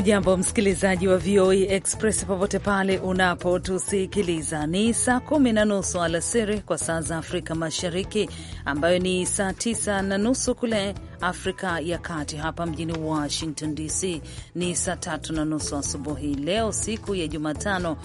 Hujambo msikilizaji wa VOA e Express popote pale unapotusikiliza, ni saa kumi na nusu alasiri kwa saa za Afrika Mashariki, ambayo ni saa tisa na nusu kule Afrika ya Kati. Hapa mjini Washington DC ni saa tatu na nusu asubuhi. Leo siku ya Jumatano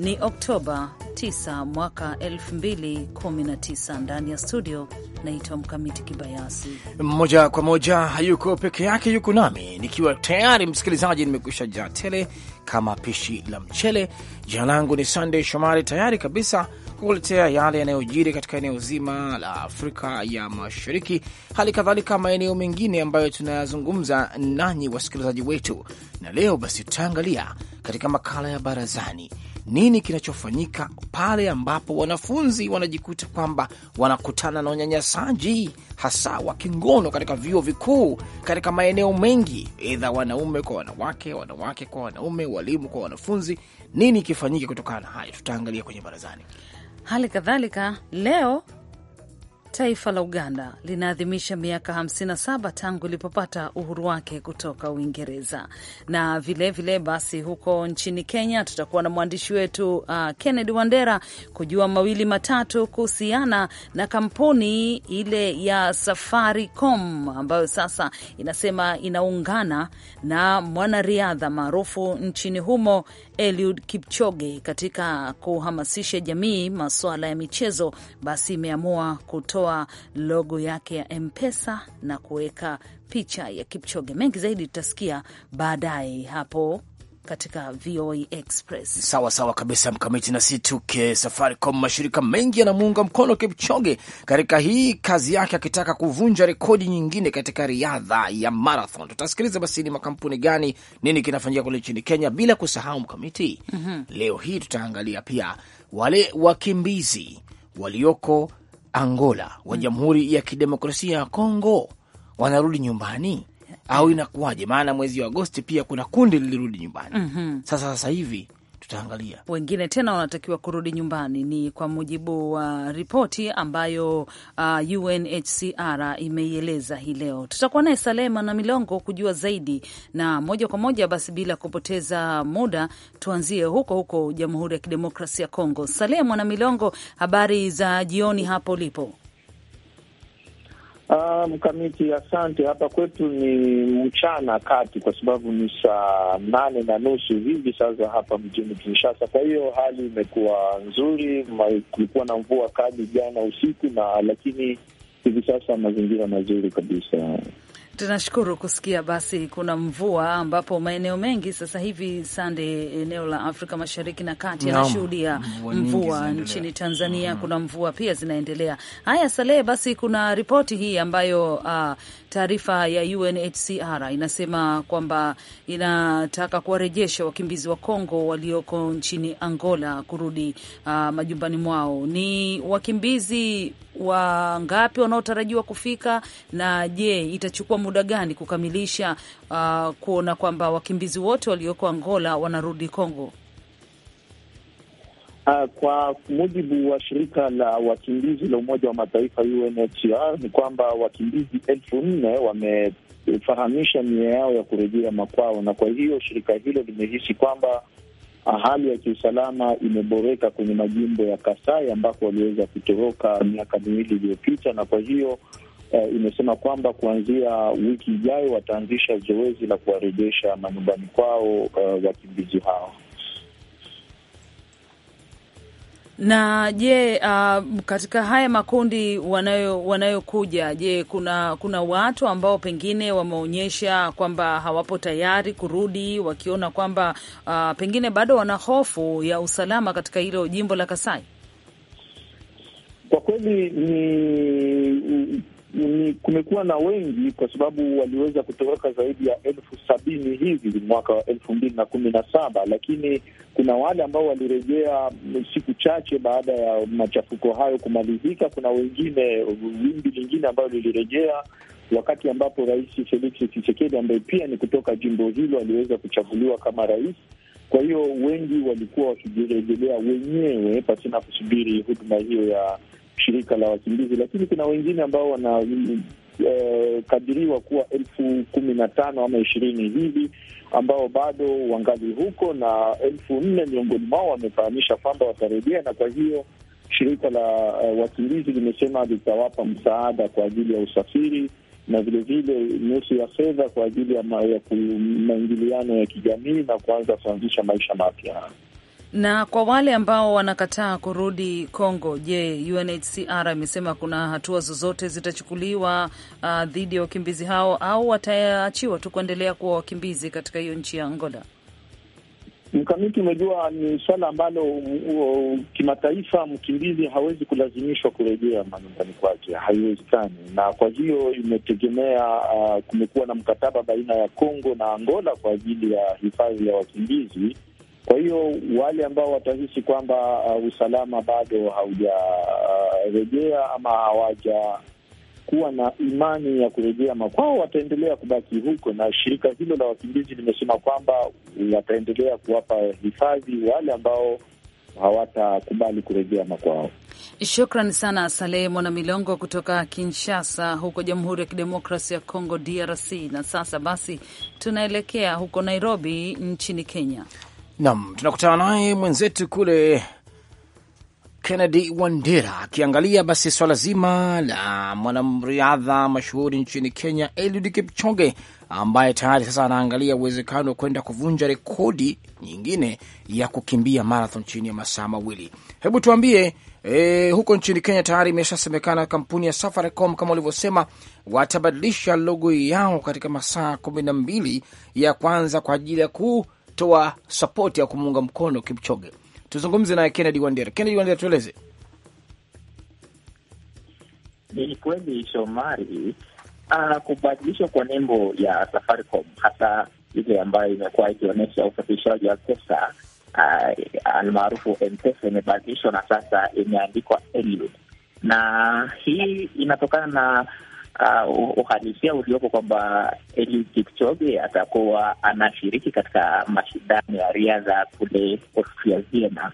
ni Oktoba 9 mwaka 2019. Ndani ya studio naitwa Mkamiti Kibayasi. Moja kwa moja, hayuko peke yake, yuko nami nikiwa tayari, msikilizaji, nimekwisha jaa tele kama pishi la mchele. Jina langu ni sandey Shomari, tayari kabisa kukuletea yale yanayojiri katika eneo zima la Afrika ya Mashariki, hali kadhalika maeneo mengine ambayo tunayazungumza nanyi wasikilizaji wetu. Na leo basi tutaangalia katika makala ya barazani nini kinachofanyika pale ambapo wanafunzi wanajikuta kwamba wanakutana na unyanyasaji hasa wa kingono katika vyuo vikuu, katika maeneo mengi, aidha wanaume kwa wanawake, wanawake kwa wanaume, walimu kwa wanafunzi. Nini kifanyike kutokana na haya? Tutaangalia kwenye barazani. Hali kadhalika leo Taifa la Uganda linaadhimisha miaka 57 tangu ilipopata uhuru wake kutoka Uingereza. Na vilevile vile basi, huko nchini Kenya tutakuwa na mwandishi wetu uh, Kennedy Wandera kujua mawili matatu kuhusiana na kampuni ile ya Safaricom ambayo sasa inasema inaungana na mwanariadha maarufu nchini humo Eliud Kipchoge katika kuhamasisha jamii masuala ya michezo, basi imeamua kutoa logo yake ya Mpesa na kuweka picha ya Kipchoge. Mengi zaidi tutasikia baadaye hapo katika VOA Express. Sawa sawa kabisa mkamiti, na si tuke Safaricom, mashirika mengi yanamuunga mkono Kipchoge katika hii kazi yake, akitaka kuvunja rekodi nyingine katika riadha ya marathon. Tutasikiliza basi ni makampuni gani, nini kinafanyika kule nchini Kenya, bila kusahau mkamiti. mm -hmm. Leo hii tutaangalia pia wale wakimbizi walioko Angola wa mm. Jamhuri ya Kidemokrasia ya Kongo wanarudi nyumbani au inakuwaje? Maana mwezi wa Agosti pia kuna kundi lilirudi nyumbani mm -hmm. Sasa sasa hivi tutaangalia wengine tena wanatakiwa kurudi nyumbani. Ni kwa mujibu wa ripoti ambayo uh, UNHCR imeieleza hii leo. Tutakuwa naye Salema na Milongo kujua zaidi, na moja kwa moja basi, bila kupoteza muda, tuanzie huko huko Jamhuri ya Kidemokrasia ya Kongo. Salema na Milongo, habari za jioni hapo ulipo? Uh, mkamiti, asante. Hapa kwetu ni mchana kati, kwa sababu ni saa nane na nusu hivi sasa hapa mjini Kinshasa. Kwa hiyo hali imekuwa nzuri, kulikuwa na mvua kali jana usiku na lakini hivi sasa mazingira mazuri kabisa. Tunashukuru kusikia. Basi kuna mvua ambapo maeneo mengi sasa hivi sande, eneo la Afrika Mashariki na Kati yanashuhudia mvua, mvua. Nchini Tanzania mm. kuna mvua pia zinaendelea. Haya Salehe, basi kuna ripoti hii ambayo uh, taarifa ya UNHCR inasema kwamba inataka kuwarejesha wakimbizi wa Kongo walioko nchini Angola kurudi uh, majumbani mwao. Ni wakimbizi wangapi wanaotarajiwa kufika, na je, itachukua muda gani kukamilisha uh, kuona kwamba wakimbizi wote walioko Angola wanarudi Kongo? Uh, kwa mujibu wa shirika la wakimbizi la Umoja wa Mataifa UNHCR ni kwamba wakimbizi elfu nne wamefahamisha nia yao ya kurejea makwao, na kwa hiyo shirika hilo limehisi kwamba Ah, hali ya kiusalama imeboreka kwenye majimbo ya Kasai ambako waliweza kutoroka miaka miwili iliyopita, na kwa hiyo uh, imesema kwamba kuanzia wiki ijayo wataanzisha zoezi la kuwarejesha manyumbani kwao uh, wakimbizi hao. Na je, uh, katika haya makundi wanayo wanayokuja, je, kuna kuna watu ambao pengine wameonyesha kwamba hawapo tayari kurudi wakiona kwamba uh, pengine bado wana hofu ya usalama katika hilo jimbo la Kasai? Kwa kweli ni ni kumekuwa na wengi kwa sababu waliweza kutoroka zaidi ya elfu sabini hivi mwaka wa elfu mbili na kumi na saba, lakini kuna wale ambao walirejea siku chache baada ya machafuko hayo kumalizika. Kuna wengine, wimbi lingine ambayo lilirejea wakati ambapo Rais Felix Tshisekedi ambaye pia ni kutoka jimbo hilo aliweza kuchaguliwa kama rais. Kwa hiyo wengi walikuwa wakijirejelea wenyewe pasina kusubiri huduma hiyo ya shirika la wakimbizi, lakini kuna wengine ambao wanakadiriwa eh, uh, kuwa elfu kumi na tano ama ishirini hivi ambao bado wangali huko na elfu nne miongoni mwao wamefahamisha kwamba watarejea, na kwa hiyo shirika la uh, wakimbizi limesema litawapa msaada kwa ajili ya usafiri na vilevile nusu ya fedha kwa ajili ya maingiliano ya kijamii na kuanza kuanzisha maisha mapya. Na kwa wale ambao wanakataa kurudi Congo, je, UNHCR amesema kuna hatua zozote zitachukuliwa uh, dhidi ya wakimbizi hao au wataachiwa tu kuendelea kuwa wakimbizi katika hiyo nchi ya Angola? Mkamiti, umejua ni swala ambalo kimataifa mkimbizi hawezi kulazimishwa kurejea manyumbani kwake, haiwezekani. Na kwa hiyo imetegemea uh, kumekuwa na mkataba baina ya Kongo na Angola kwa ajili ya hifadhi ya wakimbizi kwa hiyo wale ambao watahisi kwamba uh, usalama bado haujarejea uh, ama hawaja kuwa na imani ya kurejea makwao wataendelea kubaki huko, na shirika hilo la wakimbizi limesema kwamba wataendelea kuwapa hifadhi wale ambao hawatakubali kurejea makwao. Shukran sana Saleh milongo kutoka Kinshasa huko Jamhuri ya Kidemokrasia ya Kongo, DRC. Na sasa basi tunaelekea huko Nairobi nchini Kenya. Nam, tunakutana naye mwenzetu kule Kennedy Wandera akiangalia basi swala zima la mwanamriadha mashuhuri nchini Kenya Eliud Kipchoge ambaye tayari sasa anaangalia uwezekano wa kwenda kuvunja rekodi nyingine ya kukimbia marathon chini ya masaa mawili. Hebu tuambie, e, huko nchini Kenya tayari imeshasemekana kampuni ya Safaricom kama ulivyosema, watabadilisha logo yao katika masaa kumi na mbili ya kwanza kwa ajili ya kuu kutoa sapoti ya kumuunga mkono Kipchoge. Tuzungumze naye Kennedy Wandera. Kennedy Wandera, tueleze. Ni kweli Shomari, uh, kubadilishwa kwa nembo ya Safaricom hasa ile ambayo imekuwa ikionyesha usafirishaji wa pesa uh, almaarufu Mpesa imebadilishwa na sasa imeandikwa na hii inatokana na Uh, uhalisia uliopo kwamba Eliud Kipchoge atakuwa anashiriki katika mashindano ya riadha kule Austria Vienna,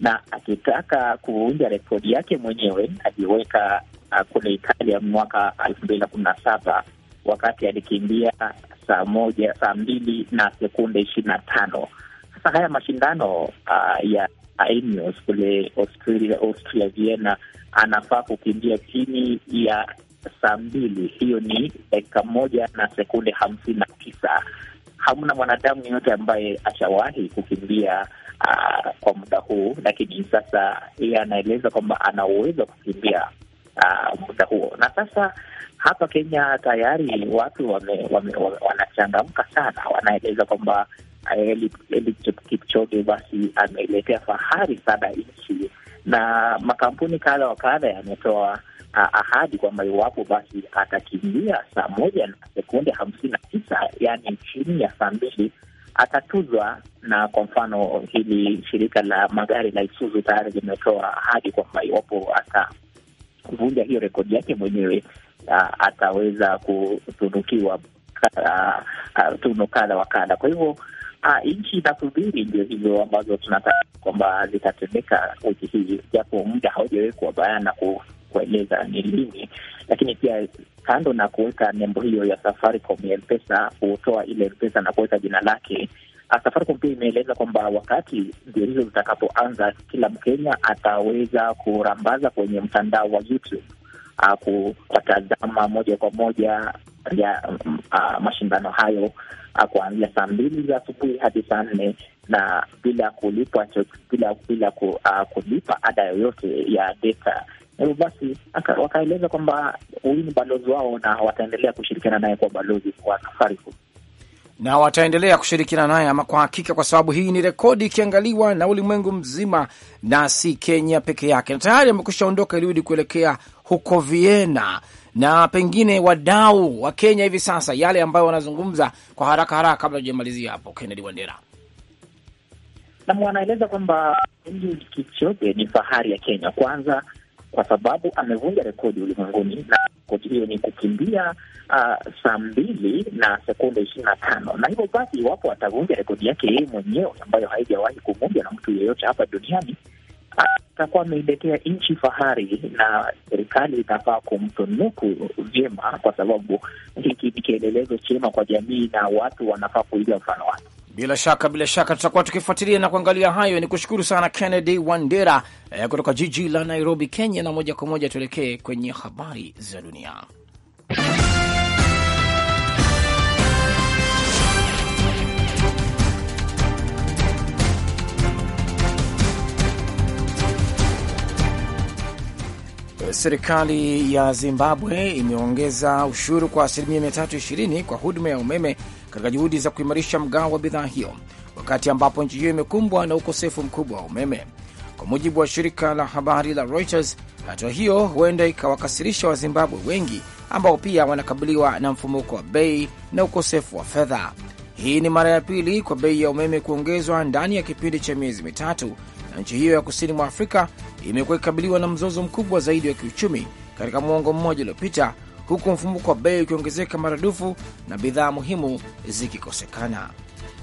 na akitaka kuvunja rekodi yake mwenyewe aliweka uh, kule Italia mwaka elfu mbili na kumi na saba wakati alikimbia saa moja saa mbili na sekunde ishirini na tano. Sasa haya mashindano uh, ya Ineos kule Austria, Austria Vienna anafaa kukimbia chini ya saa mbili, hiyo ni dakika moja na sekunde hamsini na tisa. Hamna mwanadamu yeyote ambaye ashawahi kukimbia uh, kwa muda huu, lakini sasa yeye anaeleza kwamba ana uwezo wa kukimbia uh, muda huo. Na sasa hapa Kenya tayari watu wame, wame, wame, wanachangamka sana, wanaeleza kwamba ah, Eliud Kipchoge basi ameletea fahari sana nchi, na makampuni kadha wa kadha yametoa ahadi kwamba iwapo basi atakimbia saa moja na sekunde hamsini na tisa yaani chini ya saa mbili atatuzwa. Na kwa mfano hili shirika la magari la Isuzu tayari limetoa ahadi kwamba iwapo atavunja hiyo rekodi yake mwenyewe ataweza kutunukiwa tuno kadha wa kadha. Kwa hivyo nchi inasubiri, ndio hivyo ambazo tunataka kwamba zitatendeka wiki hii, japo muda haujawekwa bayana ku kueleza ni lini, lakini pia kando na kuweka nembo hiyo ya Safaricom ya Mpesa, kutoa ile Mpesa na kuweka jina lake ah, Safaricom pia imeeleza kwamba wakati ndio hizo zitakapoanza, kila Mkenya ataweza kurambaza kwenye mtandao wa YouTube ah, kuwatazama moja kwa moja ya ah, mashindano hayo kuanzia saa mbili za asubuhi hadi saa nne na bila kulipa bila, bila ku, a, kulipa ada yoyote ya data hivyo basi wakaeleza kwamba huyu ni balozi wao na wataendelea kushirikiana naye kwa balozi wa Sarifu na wataendelea kushirikiana naye ama kwa hakika, kwa sababu hii ni rekodi ikiangaliwa na ulimwengu mzima na si Kenya peke yake. Na tayari amekusha ondoka ilirudi kuelekea huko Vienna, na pengine wadau wa Kenya hivi sasa yale ambayo wanazungumza kwa haraka haraka, kabla tujamalizia hapo, Kennedy Wandera nam wanaeleza kwamba nji kichote ni fahari ya Kenya kwanza kwa sababu amevunja rekodi ulimwenguni, na rekodi hiyo ni kukimbia uh, saa mbili na sekunde ishirini na tano na hivyo basi, iwapo atavunja rekodi yake yeye mwenyewe ambayo haijawahi kuvunjwa na mtu yeyote hapa duniani ah, atakuwa ameiletea nchi fahari na serikali itafaa kumtunuku vyema, kwa sababu hiki ni kielelezo chema kwa jamii na watu wanafaa kuiga mfano wake. Bila shaka bila shaka tutakuwa tukifuatilia na kuangalia hayo. Ni kushukuru sana Kennedy Wandera eh, kutoka jiji la Nairobi, Kenya. Na moja kwa moja tuelekee kwenye habari za dunia. Serikali ya Zimbabwe imeongeza ushuru kwa asilimia 320 kwa huduma ya umeme katika juhudi za kuimarisha mgao wa bidhaa hiyo, wakati ambapo nchi hiyo imekumbwa na ukosefu mkubwa wa umeme. Kwa mujibu wa shirika la habari la Reuters, hatua hiyo huenda ikawakasirisha Wazimbabwe wengi ambao pia wanakabiliwa na mfumuko wa bei na ukosefu wa fedha. Hii ni mara ya pili kwa bei ya umeme kuongezwa ndani ya kipindi cha miezi mitatu, na nchi hiyo ya kusini mwa Afrika imekuwa ikikabiliwa na mzozo mkubwa zaidi wa kiuchumi katika mwongo mmoja uliopita, huku mfumuko wa bei ukiongezeka maradufu na bidhaa muhimu zikikosekana.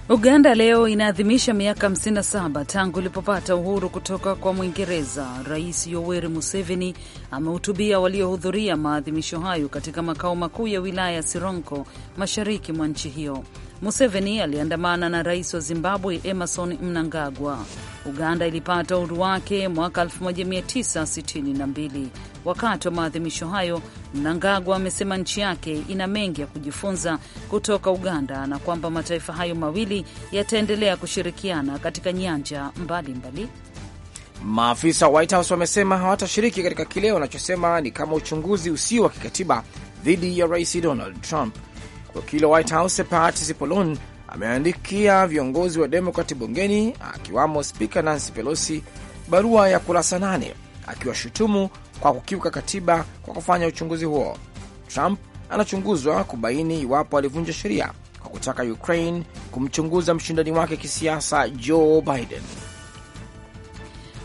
Uganda leo inaadhimisha miaka 57 tangu ilipopata uhuru kutoka kwa Mwingereza. Rais Yoweri Museveni amehutubia waliohudhuria maadhimisho hayo katika makao makuu ya wilaya ya Sironko, mashariki mwa nchi hiyo. Museveni aliandamana na rais wa Zimbabwe Emerson Mnangagwa. Uganda ilipata uhuru wake mwaka 1962. Wakati wa maadhimisho hayo, Mnangagwa amesema nchi yake ina mengi ya kujifunza kutoka Uganda na kwamba mataifa hayo mawili yataendelea kushirikiana katika nyanja mbalimbali. Maafisa wa White House wamesema hawatashiriki katika kile wanachosema ni kama uchunguzi usio wa kikatiba dhidi ya Rais Donald Trump. Wakili wa White House Pat Cipollone ameandikia viongozi wa Demokrati bungeni akiwamo Spika Nancy Pelosi barua ya kurasa nane akiwashutumu kwa kukiuka katiba kwa kufanya uchunguzi huo. Trump anachunguzwa kubaini iwapo alivunja sheria kwa kutaka Ukraine kumchunguza mshindani wake kisiasa Joe Biden.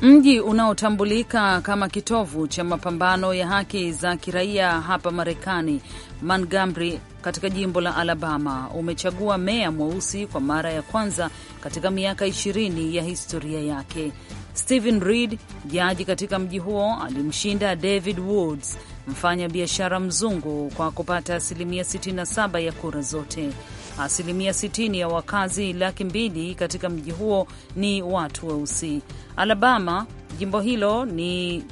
Mji unaotambulika kama kitovu cha mapambano ya haki za kiraia hapa Marekani, Montgomery katika jimbo la Alabama umechagua meya mweusi kwa mara ya kwanza katika miaka ishirini ya historia yake. Stephen Reed, jaji katika mji huo, alimshinda David Woods, mfanya biashara mzungu, kwa kupata asilimia 67 ya kura zote. Asilimia 60 ya wakazi laki mbili katika mji huo ni watu weusi. Alabama, jimbo hilo ni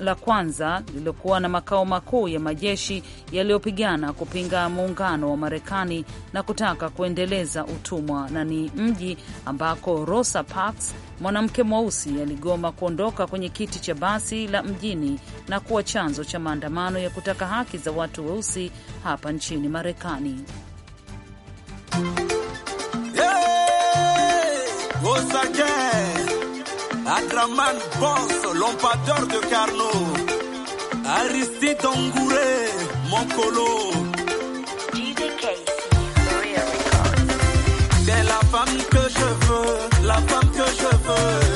la kwanza lililokuwa na makao makuu ya majeshi yaliyopigana kupinga muungano wa Marekani na kutaka kuendeleza utumwa na ni mji ambako Rosa Parks mwanamke mweusi aligoma kuondoka kwenye kiti cha basi la mjini na kuwa chanzo cha maandamano ya kutaka haki za watu weusi hapa nchini Marekani. Yeah, Adraman Boss, l'empateur de Carnot Aristide Ongouré, mon colo. C'est la femme que je veux, la femme que je veux.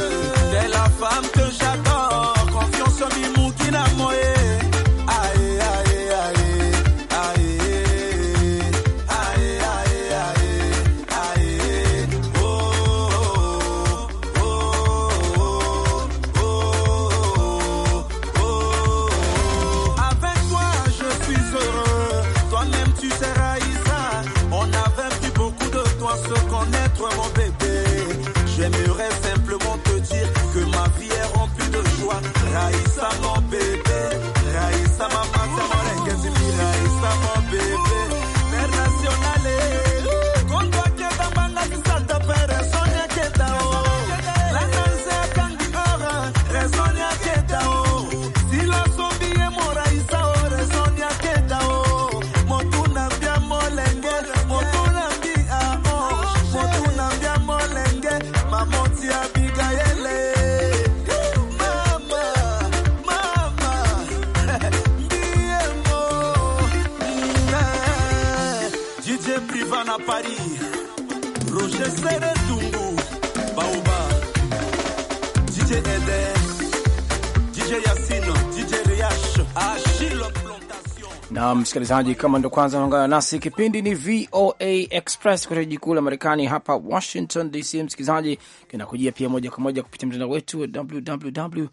msikilizaji, kama ndo kwanza naungana nasi, kipindi ni VOA Express kutoka jiji kuu la Marekani hapa Washington DC. Msikilizaji, kinakujia pia moja kwa moja kupitia mtandao wetu wa www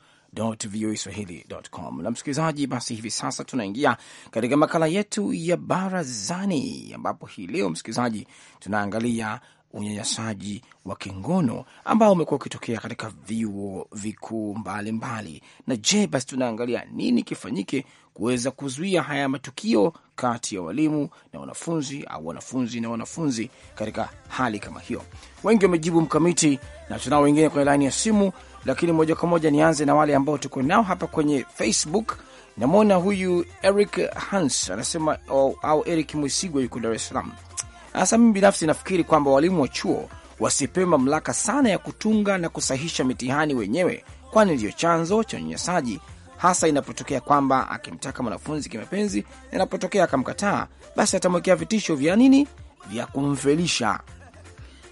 voa swahili.com. Na msikilizaji, basi hivi sasa tunaingia katika makala yetu ya barazani, ambapo hii leo msikilizaji, tunaangalia unyanyasaji wa kingono ambao umekuwa ukitokea katika vyuo vikuu mbalimbali. Na je, basi tunaangalia nini kifanyike kuweza kuzuia haya matukio kati ya walimu na wanafunzi au wanafunzi na wanafunzi katika hali kama hiyo? Wengi wamejibu mkamiti, na tunao wengine kwenye laini ya simu, lakini moja kwa moja nianze na wale ambao tuko nao hapa kwenye Facebook. Namwona huyu Eric Hans anasema au, au Eric Mwisigwa yuko Dar es Salaam sasa mimi binafsi nafikiri kwamba walimu wa chuo wasipewe mamlaka sana ya kutunga na kusahisha mitihani wenyewe, kwani ndiyo chanzo cha unyanyasaji, hasa inapotokea kwamba akimtaka mwanafunzi kimapenzi, inapotokea akamkataa, basi atamwekea vitisho vya nini, vya kumfelisha.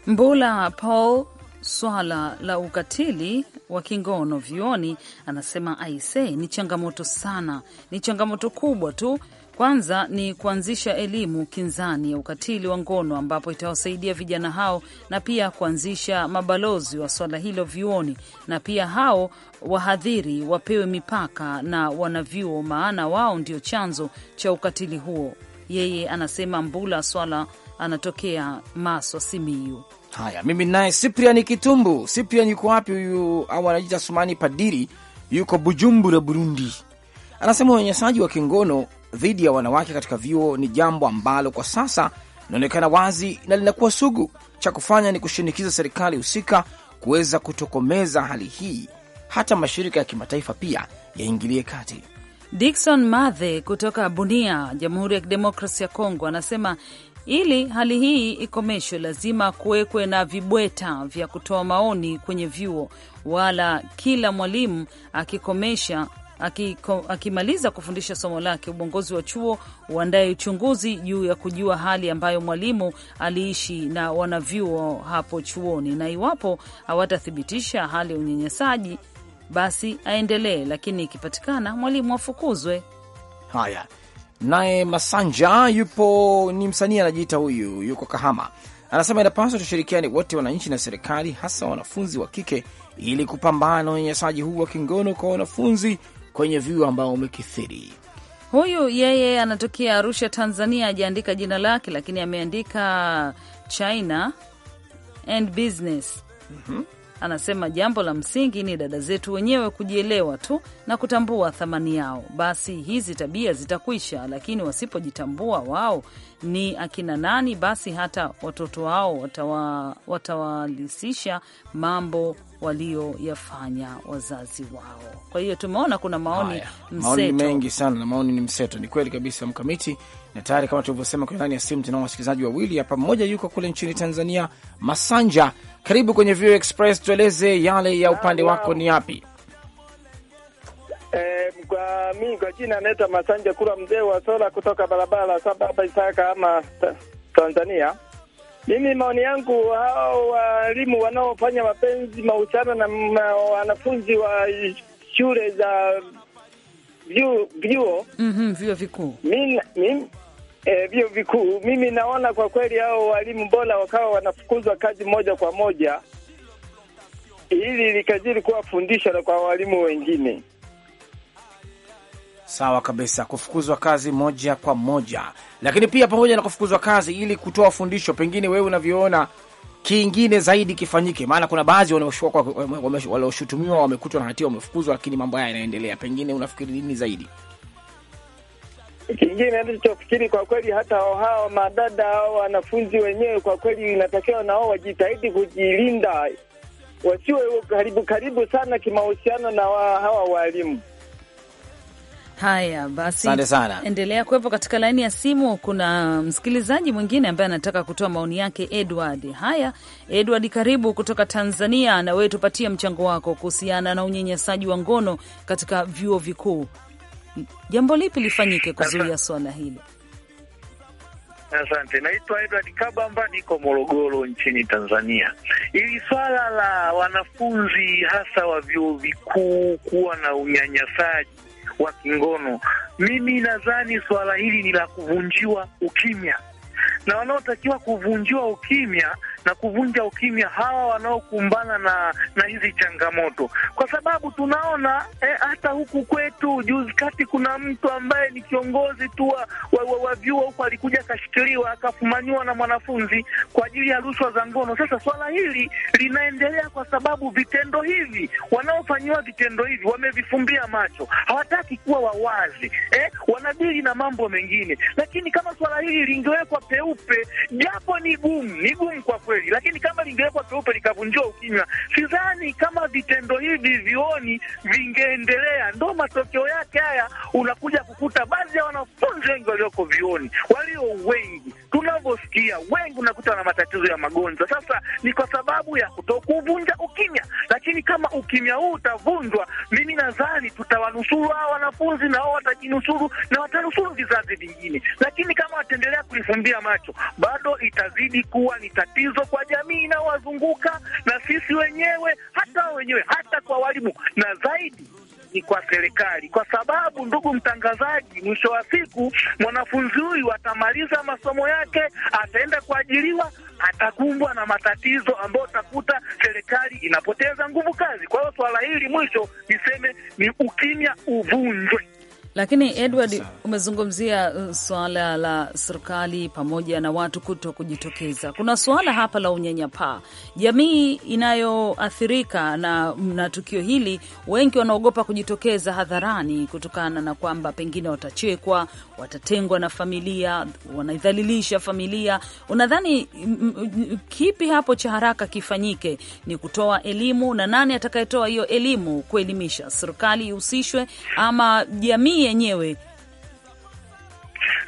Mbula Paul, swala la ukatili wa kingono vyuoni, anasema aise, ni changamoto sana, ni changamoto kubwa tu kwanza ni kuanzisha elimu kinzani ya ukatili wa ngono ambapo itawasaidia vijana hao na pia kuanzisha mabalozi wa swala hilo vyuoni, na pia hao wahadhiri wapewe mipaka na wanavyuo, maana wao ndio chanzo cha ukatili huo. Yeye anasema Mbula Swala anatokea Maswa, Simiyu. Haya, mimi naye Sipriani Kitumbu. Sipriani yuko wapi huyu? Au anajita Sumani Padiri, yuko Bujumbura, Burundi. Anasema unyanyasaji wa kingono dhidi ya wanawake katika vyuo ni jambo ambalo kwa sasa linaonekana wazi na linakuwa sugu. Cha kufanya ni kushinikiza serikali husika kuweza kutokomeza hali hii, hata mashirika ya kimataifa pia yaingilie kati. dikson Mathe kutoka Bunia, Jamhuri ya Kidemokrasi ya Kongo, anasema ili hali hii ikomeshwe, lazima kuwekwe na vibweta vya kutoa maoni kwenye vyuo, wala kila mwalimu akikomesha akimaliza aki kufundisha somo lake, ubongozi wa chuo uandaye uchunguzi juu ya kujua hali ambayo mwalimu aliishi na wanavyuo hapo chuoni, na iwapo hawatathibitisha hali ya unyanyasaji, basi aendelee, lakini ikipatikana mwalimu afukuzwe. Haya, naye Masanja yupo, ni msanii anajiita huyu, yuko Kahama, anasema inapaswa tushirikiane wote, wananchi na serikali, hasa wanafunzi wa kike, ili kupambana na unyanyasaji huu wa kingono kwa wanafunzi kwenye vyuo ambao umekithiri. Huyu yeye anatokea Arusha, Tanzania, ajaandika jina lake, lakini ameandika China and business. mm -hmm. Anasema jambo la msingi ni dada zetu wenyewe kujielewa tu na kutambua thamani yao, basi hizi tabia zitakwisha. Lakini wasipojitambua wao ni akina nani, basi hata watoto wao watawalisisha mambo walioyafanya wazazi wao. Kwa hiyo tumeona kuna maoni Haya, mseto, maoni mengi sana na maoni ni mseto, ni kweli kabisa mkamiti na tayari kama tulivyosema kwenye ndani ya simu tunao wasikilizaji wawili hapa, mmoja yuko kule nchini Tanzania. Masanja, karibu kwenye Vio Express, tueleze yale ya upande wako ni yapi? E, kwa mi kwa jina anaitwa Masanja Kura, mzee wa sola kutoka barabara saba hapa Isaka ama Tanzania. Mimi maoni yangu, hao walimu wanaofanya mapenzi mahusiano na wanafunzi wa shule za vyuo mm-hmm, vyuo vikuu eh, vyuo vikuu, mimi naona kwa kweli hao walimu bora wakawa wanafukuzwa kazi moja kwa moja, ili likajiri kuwa fundisho kwa walimu wengine. Sawa kabisa, kufukuzwa kazi moja kwa moja. Lakini pia pamoja na kufukuzwa kazi, ili kutoa fundisho, pengine wewe unavyoona kingine zaidi kifanyike, maana kuna baadhi walioshutumiwa wamekutwa na hatia, wamefukuzwa, lakini mambo haya yanaendelea. Pengine unafikiri nini zaidi? Kingine alichofikiri? kwa kweli, hata hawa madada au wanafunzi wenyewe, kwa kweli inatakiwa nao wajitahidi kujilinda, wasiwe karibu karibu sana kimahusiano na hawa walimu. Haya basi, endelea kuwepo katika laini ya simu. Kuna msikilizaji mwingine ambaye anataka kutoa maoni yake, Edward. Haya Edward, karibu kutoka Tanzania, na wewe tupatie mchango wako kuhusiana na unyanyasaji wa ngono katika vyuo vikuu. Jambo lipi lifanyike kuzuia swala hili? Asante, naitwa Edward Kabamba, niko Morogoro nchini Tanzania. Ili swala la wanafunzi hasa wa vyuo vikuu kuwa na unyanyasaji wa kingono. Mimi nadhani suala hili ni la kuvunjiwa ukimya, na wanaotakiwa kuvunjiwa ukimya na kuvunja ukimya hawa wanaokumbana na na hizi changamoto, kwa sababu tunaona eh, hata huku kwetu juzi kati kuna mtu ambaye ni kiongozi tu wa vyuo huku alikuja akashikiliwa akafumanyiwa na mwanafunzi kwa ajili ya rushwa za ngono. Sasa swala hili linaendelea kwa sababu vitendo hivi wanaofanyiwa vitendo hivi wamevifumbia macho, hawataki kuwa wawazi eh, wanadili na mambo mengine, lakini kama swala hili lingewekwa peupe, japo ni gumu, ni gumu kwa kweli kweli, lakini kama lingewekwa keupe likavunjiwa ukimya, sidhani kama vitendo hivi vioni vingeendelea. Ndo matokeo yake haya, unakuja kukuta baadhi ya wanafunzi wengi walioko vioni, walio wengi tunavyosikia wengi unakuta na matatizo ya magonjwa. Sasa ni kwa sababu ya kutokuvunja ukimya, lakini kama ukimya huu utavunjwa, mimi nadhani tutawanusuru hawa wanafunzi na wao watajinusuru na watanusuru vizazi vingine, lakini kama wataendelea kulifumbia macho, bado itazidi kuwa ni tatizo kwa jamii inaowazunguka na sisi wenyewe, hata wao wenyewe, hata kwa walimu na zaidi ni kwa serikali, kwa sababu ndugu mtangazaji, mwisho wa siku mwanafunzi huyu atamaliza masomo yake, ataenda kuajiriwa, atakumbwa na matatizo ambayo utakuta serikali inapoteza nguvu kazi. Kwa hiyo swala hili mwisho niseme ni ukimya uvunjwe. Lakini Edward, umezungumzia uh, suala la serikali pamoja na watu kuto kujitokeza. Kuna suala hapa la unyanyapaa. Jamii inayoathirika na, na tukio hili, wengi wanaogopa kujitokeza hadharani kutokana na kwamba pengine watachekwa, watatengwa na familia, wanaidhalilisha familia. Unadhani kipi hapo cha haraka kifanyike? Ni kutoa elimu, na nani atakayetoa hiyo elimu, kuelimisha serikali ihusishwe ama jamii yenyewe.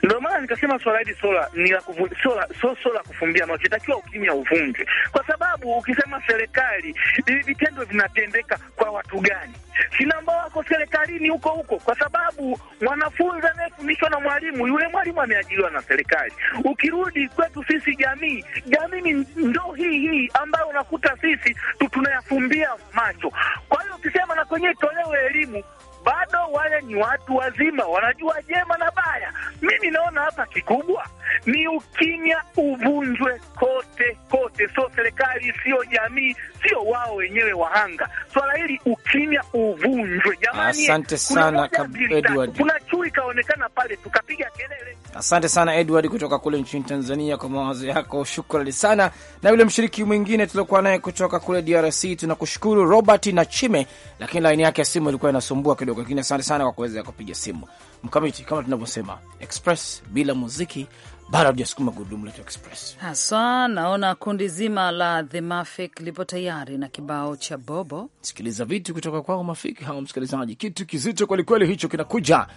Ndio maana nikasema swala hili sola ni la sola so sola kufumbia macho, itakiwa ukimya uvunjwe, kwa sababu ukisema serikali, hivi vitendo vinatendeka kwa watu gani? Si namba wako serikalini huko huko, kwa sababu mwanafunzi anayefundishwa na mwalimu yule mwalimu ameajiriwa na serikali. Ukirudi kwetu sisi jamii, jamii ndo hii hii ambayo unakuta sisi tunayafumbia macho. Kwa hiyo ukisema na kwenyewe itolewe elimu bado wale ni watu wazima, wanajua jema na baya. Mimi naona hapa kikubwa ni ukimya uvunjwe kote kote, sio serikali, sio jamii, sio wao wenyewe wahanga. Swala hili ukimya uvunjwe, jamani. Asante sana Edward, kuna chui kaonekana pale, tukapiga kelele. Asante sana Edward kutoka kule nchini Tanzania kwa mawazo yako, shukrani sana. Na yule mshiriki mwingine tuliokuwa naye kutoka kule DRC tunakushukuru Robert na Chime, lakini laini yake ya simu ilikuwa inasumbua kidogo, lakini asante sana kwa kuweza kupiga simu. Mkamiti, kama tunavyosema express bila muziki bado hatujasukuma gurudumu letu express haswa. Naona kundi zima la The Mafik lipo tayari na kibao cha Bobo. Sikiliza vitu kutoka kwao mafik hao, msikilizaji, kitu kizito kwelikweli hicho kinakuja.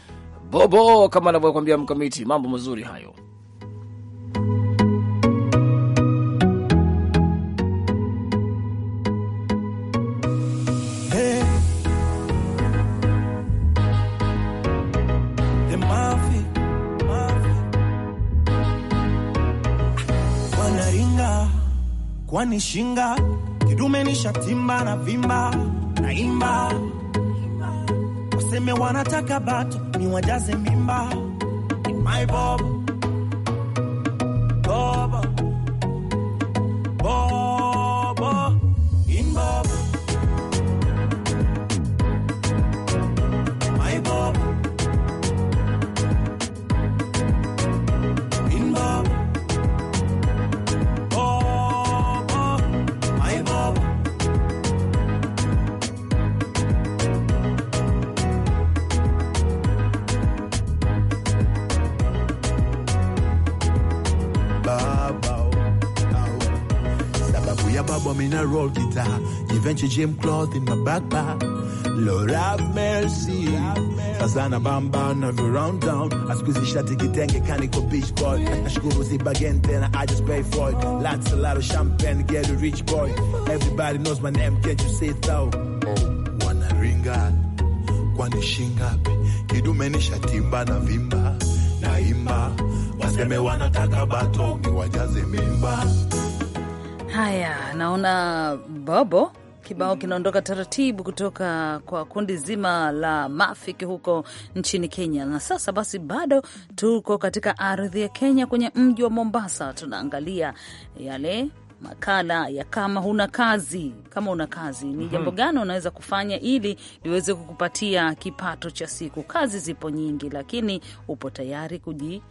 Bobo kama anavyokwambia Mkamiti, mambo mazuri hayo. shinga kwani shinga kidume ni shatimba na vimba na imba waseme wanataka bato ni wajaze mimba my bob Gucci gym cloth in my backpack. Lord have mercy. Fazana bamba na vi around town. Asikuzi shati kitenge kaniko beach boy. Nashukuru si again then I just pay for it. Lots a lot of champagne get a rich boy. Everybody knows my name can't you say thou? Oh, Wanaringa kwani shingapi? Kidume ni shatimba na vimba na imba. Waseme wanataka bato ni wajaze mimba. Haya, naona Bobo Kibao kinaondoka taratibu kutoka kwa kundi zima la mafik huko nchini Kenya. Na sasa basi, bado tuko katika ardhi ya Kenya, kwenye mji wa Mombasa, tunaangalia yale makala ya kama huna kazi. Kama una kazi, ni jambo mhm. gani unaweza kufanya ili liweze kukupatia kipato cha siku? Kazi zipo nyingi, lakini upo tayari kuji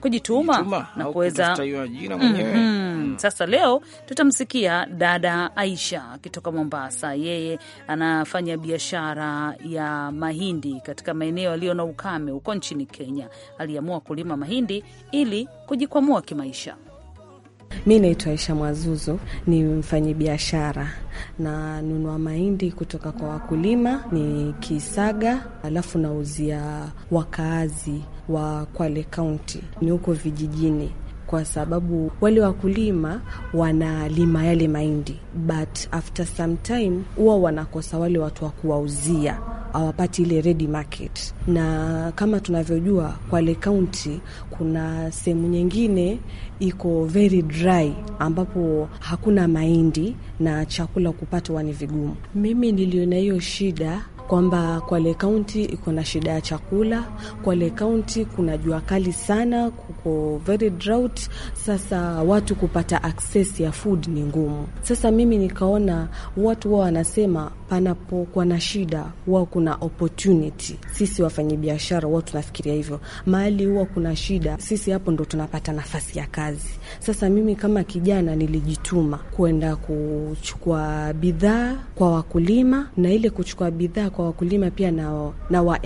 kujituma na kuweza mm-hmm. Sasa leo tutamsikia dada Aisha akitoka Mombasa. Yeye anafanya biashara ya mahindi katika maeneo yaliyo na ukame huko nchini Kenya. Aliamua kulima mahindi ili kujikwamua kimaisha. Mi naitwa Aisha Mwazuzu, ni biashara na nunua mahindi kutoka kwa wakulima ni kisaga, alafu nauzia wakaazi wa Kwale Kaunti, ni huko vijijini kwa sababu wale wakulima wanalima yale mahindi, but after some time huwa wanakosa wale watu wa kuwauzia hawapati ile ready market, na kama tunavyojua Kwale County kuna sehemu nyingine iko very dry ambapo hakuna mahindi na chakula kupatwa ni vigumu. Mimi niliona hiyo shida kwamba Kwale Kaunti iko na shida ya chakula. Kwale Kaunti kuna jua kali sana, kuko very drought. Sasa watu kupata access ya food ni ngumu. Sasa mimi nikaona watu wao wanasema panapokuwa na shida huwa kuna opportunity. Sisi wafanyabiashara huwa tunafikiria hivyo, mahali huwa kuna shida, sisi hapo ndo tunapata nafasi ya kazi. Sasa mimi kama kijana nilijituma kwenda kuchukua bidhaa kwa wakulima, na ile kuchukua bidhaa kwa wakulima pia na, na wa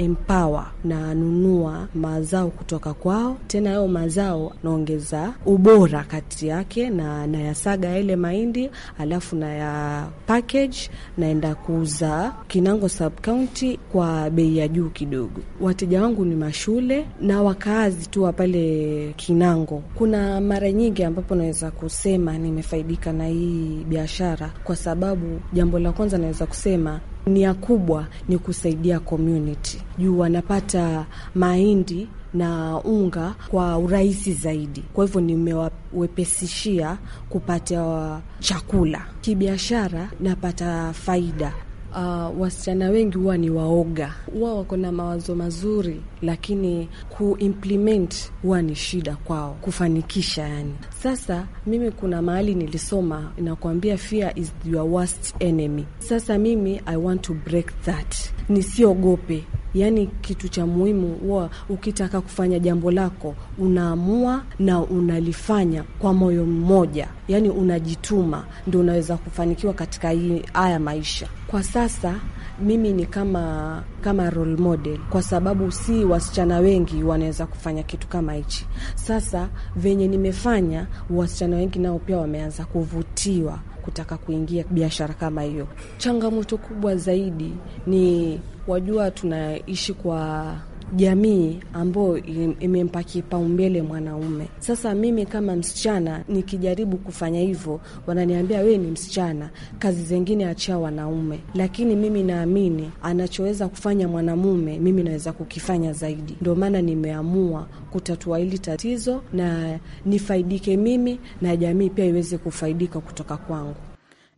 na nunua mazao kutoka kwao, tena yao mazao naongeza ubora kati yake na nayasaga yale mahindi alafu na ya package naenda ku kuuza Kinango sub county kwa bei ya juu kidogo. Wateja wangu ni mashule na wakaazi tu wa pale Kinango. Kuna mara nyingi ambapo naweza kusema nimefaidika na hii biashara, kwa sababu jambo la kwanza naweza kusema nia kubwa ni kusaidia community juu wanapata mahindi na unga kwa urahisi zaidi. Kwa hivyo nimewawepesishia kupata chakula. Kibiashara napata faida. Uh, wasichana wengi huwa ni waoga, huwa wako na mawazo mazuri, lakini kuimplement huwa ni shida kwao kufanikisha. Yani sasa mimi kuna mahali nilisoma inakuambia fear is your worst enemy. Sasa mimi I want to break that, nisiogope Yaani kitu cha muhimu huwa ukitaka kufanya jambo lako unaamua na unalifanya kwa moyo mmoja, yaani unajituma, ndio unaweza kufanikiwa katika hii haya maisha. Kwa sasa mimi ni kama kama role model kwa sababu si wasichana wengi wanaweza kufanya kitu kama hichi. Sasa venye nimefanya, wasichana wengi nao pia wameanza kuvutiwa kutaka kuingia biashara kama hiyo. Changamoto kubwa zaidi ni wajua, tunaishi kwa jamii ambayo imempa kipaumbele mwanaume. Sasa mimi kama msichana nikijaribu kufanya hivyo, wananiambia wewe ni msichana, kazi zingine achia wanaume. Lakini mimi naamini anachoweza kufanya mwanamume mimi naweza kukifanya zaidi. Ndio maana nimeamua kutatua hili tatizo na nifaidike mimi na jamii pia iweze kufaidika kutoka kwangu.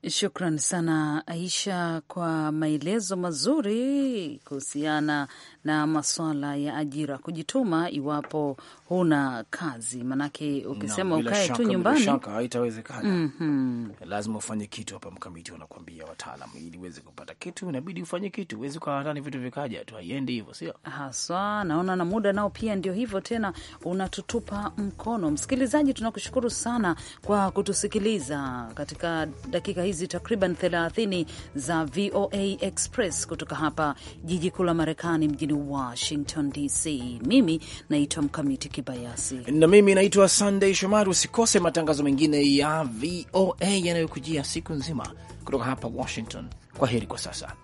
Shukran sana Aisha kwa maelezo mazuri kuhusiana na maswala ya ajira, kujituma iwapo huna kazi, manake ukisema ukae tu nyumbani haitawezekana. mm -hmm. Lazima ufanye kitu hapa, mkamiti wanakuambia wataalam, ili uweze kupata kitu inabidi ufanye kitu, uwezi kaatani vitu vikaja tu, haiendi hivyo, sio haswa. Naona na muda nao pia ndio hivyo tena, unatutupa mkono. Msikilizaji, tunakushukuru sana kwa kutusikiliza katika dakika hizi takriban 30 za VOA Express kutoka hapa jiji kuu la Marekani mjini mjini Washington DC. Mimi naitwa Mkamiti Kibayasi na mimi naitwa Sunday Shomari. Usikose matangazo mengine ya VOA yanayokujia siku nzima kutoka hapa Washington. Kwa heri kwa sasa.